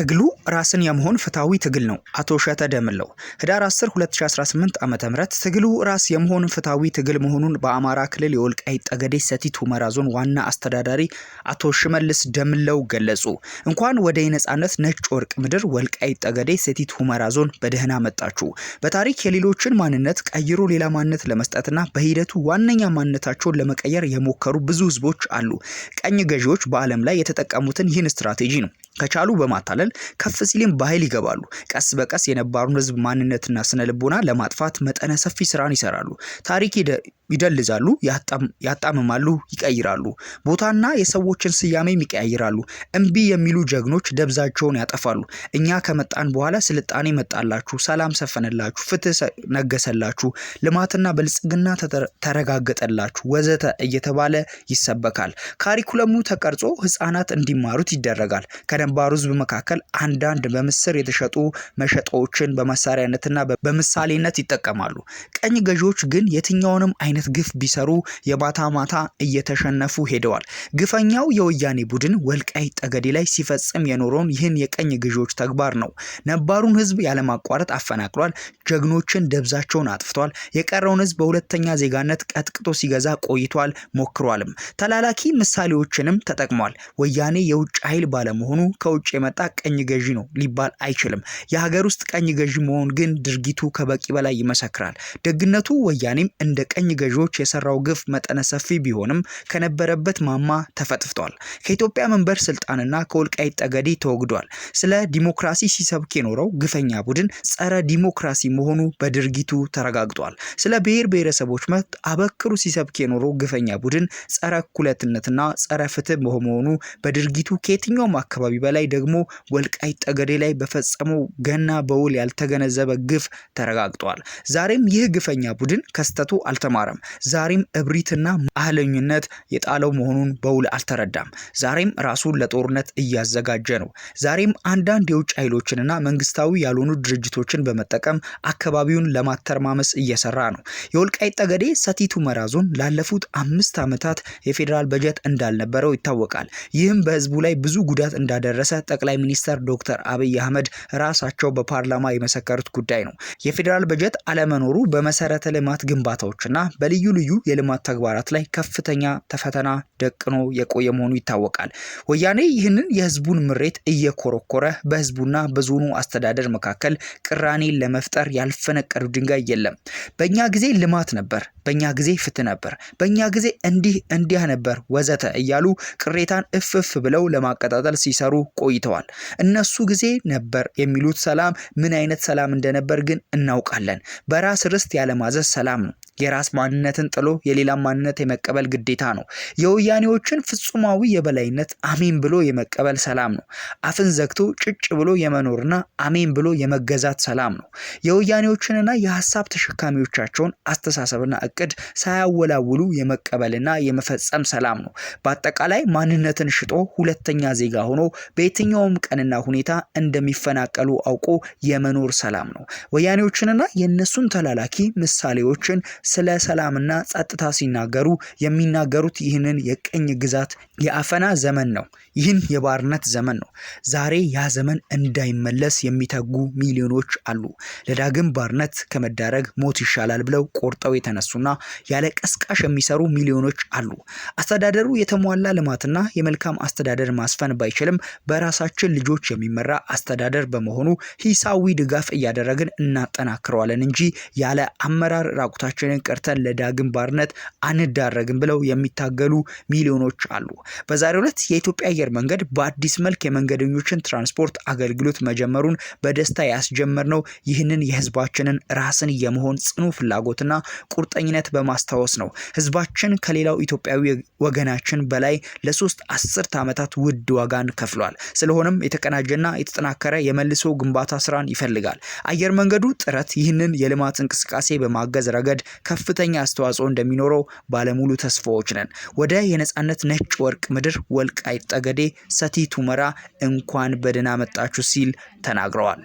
ትግሉ ራስን የመሆን ፍትሐዊ ትግል ነው። አቶ እሸተ ደምለው ህዳር 10 2018 ዓ.ም ትግሉ ራስ የመሆን ፍትሐዊ ትግል መሆኑን በአማራ ክልል የወልቃይት ጠገዴ ሰቲት ሁመራ ዞን ዋና አስተዳዳሪ አቶ ሽመልስ ደምለው ገለጹ። እንኳን ወደ የነጻነት ነጭ ወርቅ ምድር ወልቃይት ጠገዴ ሰቲት ሁመራ ዞን በደህና መጣችሁ። በታሪክ የሌሎችን ማንነት ቀይሮ ሌላ ማንነት ለመስጠትና በሂደቱ ዋነኛ ማንነታቸውን ለመቀየር የሞከሩ ብዙ ህዝቦች አሉ። ቀኝ ገዢዎች በዓለም ላይ የተጠቀሙትን ይህን ስትራቴጂ ነው ከቻሉ በማታለል ከፍ ሲልም በኃይል ይገባሉ። ቀስ በቀስ የነባሩን ህዝብ ማንነትና ስነ ልቦና ለማጥፋት መጠነ ሰፊ ስራን ይሰራሉ። ታሪክ ይደልዛሉ፣ ያጣምማሉ፣ ይቀይራሉ። ቦታና የሰዎችን ስያሜም ይቀያይራሉ። እምቢ የሚሉ ጀግኖች ደብዛቸውን ያጠፋሉ። እኛ ከመጣን በኋላ ስልጣኔ መጣላችሁ፣ ሰላም ሰፈነላችሁ፣ ፍትህ ነገሰላችሁ፣ ልማትና ብልጽግና ተረጋገጠላችሁ ወዘተ እየተባለ ይሰበካል። ካሪኩለሙ ተቀርጾ ህፃናት እንዲማሩት ይደረጋል። በነባሩ ህዝብ መካከል አንዳንድ በምስር የተሸጡ መሸጣዎችን በመሳሪያነትና በምሳሌነት ይጠቀማሉ። ቀኝ ገዢዎች ግን የትኛውንም አይነት ግፍ ቢሰሩ የማታ ማታ እየተሸነፉ ሄደዋል። ግፈኛው የወያኔ ቡድን ወልቃይ ጠገዴ ላይ ሲፈጽም የኖረውን ይህን የቀኝ ገዢዎች ተግባር ነው። ነባሩን ህዝብ ያለማቋረጥ አፈናቅሏል። ጀግኖችን ደብዛቸውን አጥፍቷል። የቀረውን ህዝብ በሁለተኛ ዜጋነት ቀጥቅጦ ሲገዛ ቆይቷል፣ ሞክሯልም። ተላላኪ ምሳሌዎችንም ተጠቅሟል። ወያኔ የውጭ ኃይል ባለመሆኑ ከውጭ የመጣ ቀኝ ገዢ ነው ሊባል አይችልም። የሀገር ውስጥ ቀኝ ገዢ መሆን ግን ድርጊቱ ከበቂ በላይ ይመሰክራል። ደግነቱ ወያኔም እንደ ቀኝ ገዢዎች የሰራው ግፍ መጠነ ሰፊ ቢሆንም ከነበረበት ማማ ተፈጥፍቷል። ከኢትዮጵያ መንበር ስልጣንና ከወልቃይት ጠገዴ ተወግዷል። ስለ ዲሞክራሲ ሲሰብክ የኖረው ግፈኛ ቡድን ጸረ ዲሞክራሲ መሆኑ በድርጊቱ ተረጋግጧል። ስለ ብሔር ብሔረሰቦች መብት አበክሩ ሲሰብክ የኖረው ግፈኛ ቡድን ጸረ እኩልነትና ጸረ ፍትህ መሆኑ በድርጊቱ ከየትኛውም አካባቢ በላይ ደግሞ ወልቃይት ጠገዴ ላይ በፈጸመው ገና በውል ያልተገነዘበ ግፍ ተረጋግጧል። ዛሬም ይህ ግፈኛ ቡድን ከስተቱ አልተማረም። ዛሬም እብሪትና አህለኝነት የጣለው መሆኑን በውል አልተረዳም። ዛሬም ራሱን ለጦርነት እያዘጋጀ ነው። ዛሬም አንዳንድ የውጭ ኃይሎችንና መንግስታዊ ያልሆኑ ድርጅቶችን በመጠቀም አካባቢውን ለማተርማመስ እየሰራ ነው። የወልቃይት ጠገዴ ሰቲት ሁመራ ዞን ላለፉት አምስት ዓመታት የፌዴራል በጀት እንዳልነበረው ይታወቃል። ይህም በህዝቡ ላይ ብዙ ጉዳት እንዳደረ እንደደረሰ ጠቅላይ ሚኒስተር ዶክተር አብይ አህመድ ራሳቸው በፓርላማ የመሰከሩት ጉዳይ ነው። የፌዴራል በጀት አለመኖሩ በመሰረተ ልማት ግንባታዎችና በልዩ ልዩ የልማት ተግባራት ላይ ከፍተኛ ተፈተና ደቅኖ የቆየ መሆኑ ይታወቃል። ወያኔ ይህንን የህዝቡን ምሬት እየኮረኮረ በህዝቡና በዞኑ አስተዳደር መካከል ቅራኔን ለመፍጠር ያልፈነቀዱ ድንጋይ የለም። በእኛ ጊዜ ልማት ነበር፣ በእኛ ጊዜ ፍትህ ነበር፣ በእኛ ጊዜ እንዲህ እንዲያ ነበር ወዘተ እያሉ ቅሬታን እፍፍ ብለው ለማቀጣጠል ሲሰሩ ቆይተዋል። እነሱ ጊዜ ነበር የሚሉት ሰላም ምን አይነት ሰላም እንደነበር ግን እናውቃለን። በራስ ርስት ያለማዘዝ ሰላም ነው። የራስ ማንነትን ጥሎ የሌላ ማንነት የመቀበል ግዴታ ነው። የወያኔዎችን ፍጹማዊ የበላይነት አሜን ብሎ የመቀበል ሰላም ነው። አፍን ዘግቶ ጭጭ ብሎ የመኖርና አሜን ብሎ የመገዛት ሰላም ነው። የወያኔዎችንና የሀሳብ ተሸካሚዎቻቸውን አስተሳሰብና እቅድ ሳያወላውሉ የመቀበልና የመፈጸም ሰላም ነው። በአጠቃላይ ማንነትን ሽጦ ሁለተኛ ዜጋ ሆኖ በየትኛውም ቀንና ሁኔታ እንደሚፈናቀሉ አውቆ የመኖር ሰላም ነው። ወያኔዎችንና የእነሱን ተላላኪ ምሳሌዎችን ስለ ሰላምና ጸጥታ ሲናገሩ የሚናገሩት ይህንን የቅኝ ግዛት የአፈና ዘመን ነው። ይህን የባርነት ዘመን ነው። ዛሬ ያ ዘመን እንዳይመለስ የሚተጉ ሚሊዮኖች አሉ። ለዳግም ባርነት ከመዳረግ ሞት ይሻላል ብለው ቆርጠው የተነሱና ያለ ቀስቃሽ የሚሰሩ ሚሊዮኖች አሉ። አስተዳደሩ የተሟላ ልማትና የመልካም አስተዳደር ማስፈን ባይችልም በራሳችን ልጆች የሚመራ አስተዳደር በመሆኑ ሂሳዊ ድጋፍ እያደረግን እናጠናክረዋለን እንጂ ያለ አመራር ራቁታችንን ሆነን ቀርተን ለዳግም ባርነት አንዳረግም ብለው የሚታገሉ ሚሊዮኖች አሉ። በዛሬው ዕለት የኢትዮጵያ አየር መንገድ በአዲስ መልክ የመንገደኞችን ትራንስፖርት አገልግሎት መጀመሩን በደስታ ያስጀመር ነው። ይህንን የህዝባችንን ራስን የመሆን ጽኑ ፍላጎትና ቁርጠኝነት በማስታወስ ነው። ህዝባችን ከሌላው ኢትዮጵያዊ ወገናችን በላይ ለሶስት አስርት ዓመታት ውድ ዋጋን ከፍሏል። ስለሆነም የተቀናጀና የተጠናከረ የመልሶ ግንባታ ስራን ይፈልጋል። አየር መንገዱ ጥረት ይህንን የልማት እንቅስቃሴ በማገዝ ረገድ ከፍተኛ አስተዋጽኦ እንደሚኖረው ባለሙሉ ተስፋዎች ነን። ወደ የነጻነት ነጭ ወርቅ ምድር ወልቃይት ጠገዴ፣ ሰቲት ሁመራ እንኳን በደህና መጣችሁ ሲል ተናግረዋል።